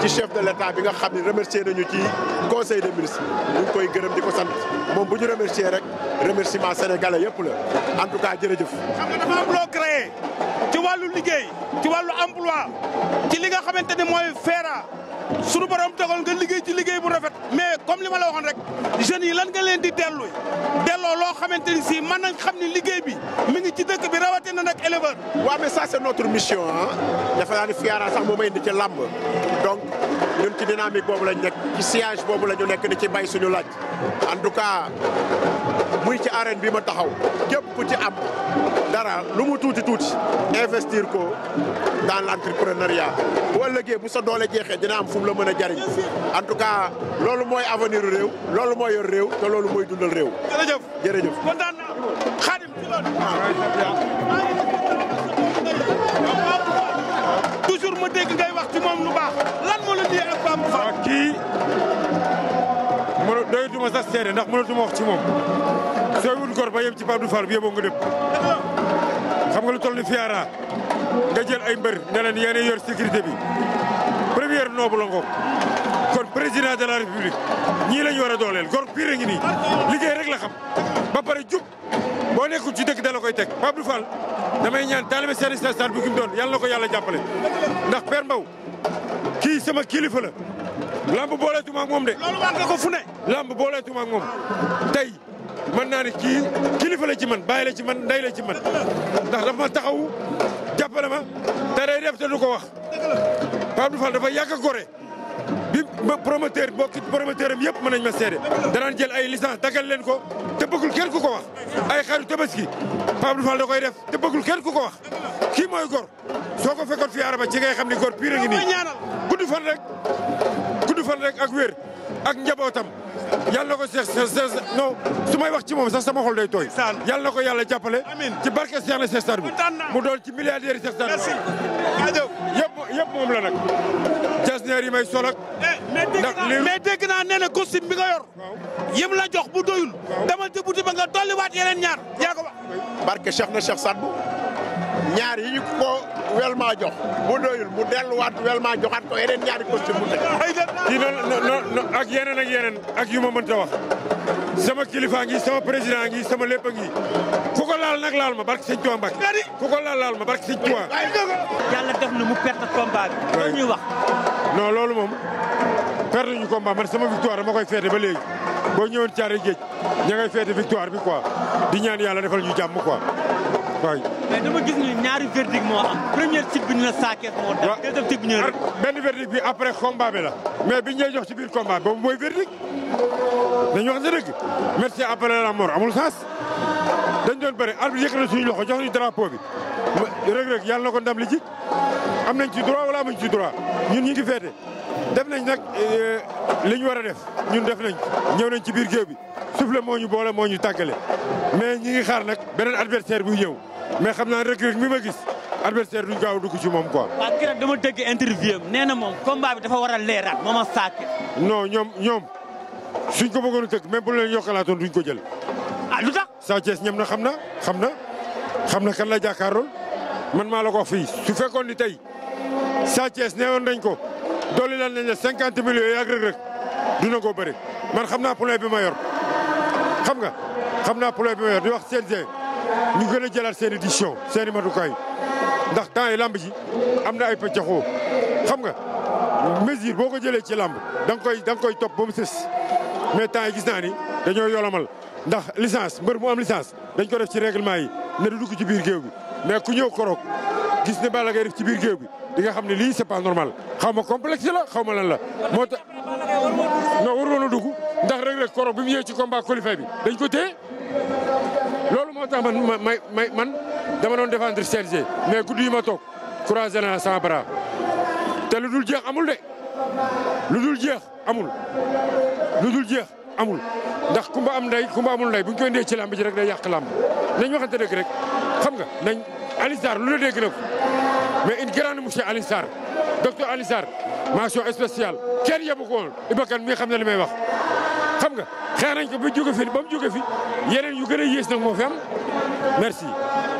ci chef de l' état bi nga xam ne remercier nañu ci conseil des ministres ñu koy gërëm di ko sant moom bu ñu remercier rek remerciement sénégalais yëpp la en tout cas jërëjëf. xam nga dafa am loo ci wàllu liggéey ci wàllu emploi ci li nga xamante ne mooy FERA suñu borom tegoon nga liggéey ci liggéey bu rafet. mais comme li ma la waxoon rek jeunes yi lan nga leen di dellu delloo loo xamante ni si mën nañ xam ne liggéey bi. éleveur waaw mais ça c'est notre mission ah dafa naa ni Fiara sax moo may indi ci làmb donc ñun ci dynamique boobu lañ nekk ci siège boobu la ñu nekk di ci bay suñu laaj en tout cas muy ci arène bi ma taxaw képp ku ci am dara lu mu tuuti tuuti investir ko dans l'entrepreneuriat bu ëllëgee bu sa doole jeexee dina am fu la mën a jariñ en tout cas loolu mooy avenir réew loolu mooy yor réew te loolu mooy dundal réew doyatuma sax seede ndax mënatuma wax ci moom sooy wut gor ba yem ci Pape Diouf Fall bi yeboo nga dëpp xam nga lu toll ni Fiara nga jël ay mbër ne leen yéen yor sécurité bi première noobu la ngoog kon président de la république ñii la ñu war a dooleel gor pire ngi nii liggéey rek la xam ba pare jub boo nekkul ci dëkk da koy teg Pape Diouf Fall damay ñaan taalibe Serigne Sall bu gi mu doon yàlla na ko yàlla jàppale ndax Père kii sama kilifa la lamb booleetuma ak moom de. loolu wax nga ko fu ne. lamb moom tey mën naa ne kii kilifa la ci man bàyyi la ci man ndey la ci man ndax dafa ma taxawu jàppale ma te day def te du ko wax. Pape Fall dafa yàgg a gore bi promoteur bokki promoteur am yëpp mën nañ ma seede danaan jël ay licence dagal leen ko te bëggul kenn ku ko wax ay xaru tabaski Pape Fall da koy def te bëggul kenn ku ko wax kii mooy gor soo ko fekkoon fii araba ci ngay xam ni gor pire ngi nii gudd fan rek ak wér ak njabootam yàlla na ko seex seex non su may wax ci moom sax sama xol day tooy. yàlla na ko yàlla jàppale. ci barke Seex na Seex Saar bi mu dool ci milliardaire yi Seex Saar bi yëpp moom la nag. jasneer yi may sol ak. ndax lii mais dégg naa nee na costume bi nga yor. yim la jox bu doyul. demal ci buti ba nga dolliwaat yeneen ñaar yaa ko ba. barke Seex na Seex Saar bu ñaar yi ñu ko Wélma jox bu doyul mu delluwaat Wélma joxaat ko yeneen ñaari costume mu teg. kii noonu ak yeneen ak yeneen ak yu ma mënta wax sama kilifa ngi sama président ngi sama lépp ngi ku ko laal nag laal ma barke sëñ Tuubaa Mbàkke ku ko laal laal ma barke sëñ Tuubaa. yàlla def na mu perte combat bi. loolu ñuy wax. non loolu moom perte ñu combat man sama victoire dama koy féete ba léegi boo ñëwoon caare géej ña ngay féete victoire bi quoi di ñaan yàlla defal ñu jàmm quoi. waay mais dama gis ni ñaari verdict moo am première site bi ñu la saakees moo tax. waaw deuxième site la. benn verdict bi après combat bi la. mais biñ lay jox ci biir combat boobu mooy verdict dañu wax si dëgg merci après la mort amul sens dañ doon bëri arbitre yëkkati na suñu loxo jox ñu drapeau bi. Reug Reug yàlla na ko ndam li ji am nañ ci droit wala amuñ ci droit ñun ñu ngi féete def nañ nag euh, li ñu war a def ñun def nañ ñëw nañ ci biir géew bi souffle moo ñu boole moo ñu tàggale mais ñi ngi xaar nag beneen adversaire buy ñëw. mais xam naa rek rek mi ma gis adversaire duñ gaaw dugg ci moom quoi. waaw keroog dama dégg interview am nee na moom combat bi dafa war a leeraat moom ma saake. non ñoom ñoom suñ ko bëggoon a tëgg même bu leen yokkalaatoon duñ ko jël. ah lu tax. Sa Thiès ñem na xam na xam na xam na kan la jàkkaaroon man maa la ko fii su fekkoon ni tey Sa Thiès neewoon nañ ko dolli lan nañ la cinquante millions yooyu ak rek rek dina ko bëri man xam naa poulain bi ma yor xam nga xam naa poulain bi ma yor ñu gën a jëlaat seen édition seen i matukaay ndax temps yi làmb ji am na ay pëccaxoo xam nga mesure boo ko jëlee ci làmb da nga koy da nga koy topp ba mu sës mais temps yi gis naa ni dañoo yolomal ndax licence mbër mu am licence dañ ko def ci règlement yi na du dugg ci biir géew bi mais ku ñëw koroog gis ne Balla Gaye def ci biir géew bi di nga xam ne lii c'est pas normal xaw ma complexe la xaw ma lan la moo tax non waroon a dugg ndax rek rek koroog bi mu ñëwee ci combat qualifié dañ ko loolu moo tax man may may man dama doon défendre CNG mais guddi yi ma toog croisé naa sama bras te lu dul jeex amul de lu dul jeex amul lu dul jeex amul ndax kumba am nday kumba amul nday bu ñu koy ndee ci làmb ji rek day yàq làmb wax waxante dëgg rek xam nga nañ Alioune Sarr lu la dégg na ko mais une grande monsieur Alioune Sarr docteur Alioune Sarr mention spéciale kenn yebu ko woon Iba xam na li may wax xam nga xeex nañ ko ba jóge fi ba mu jóge fi yeneen yu gën a yées nag moo fi am merci.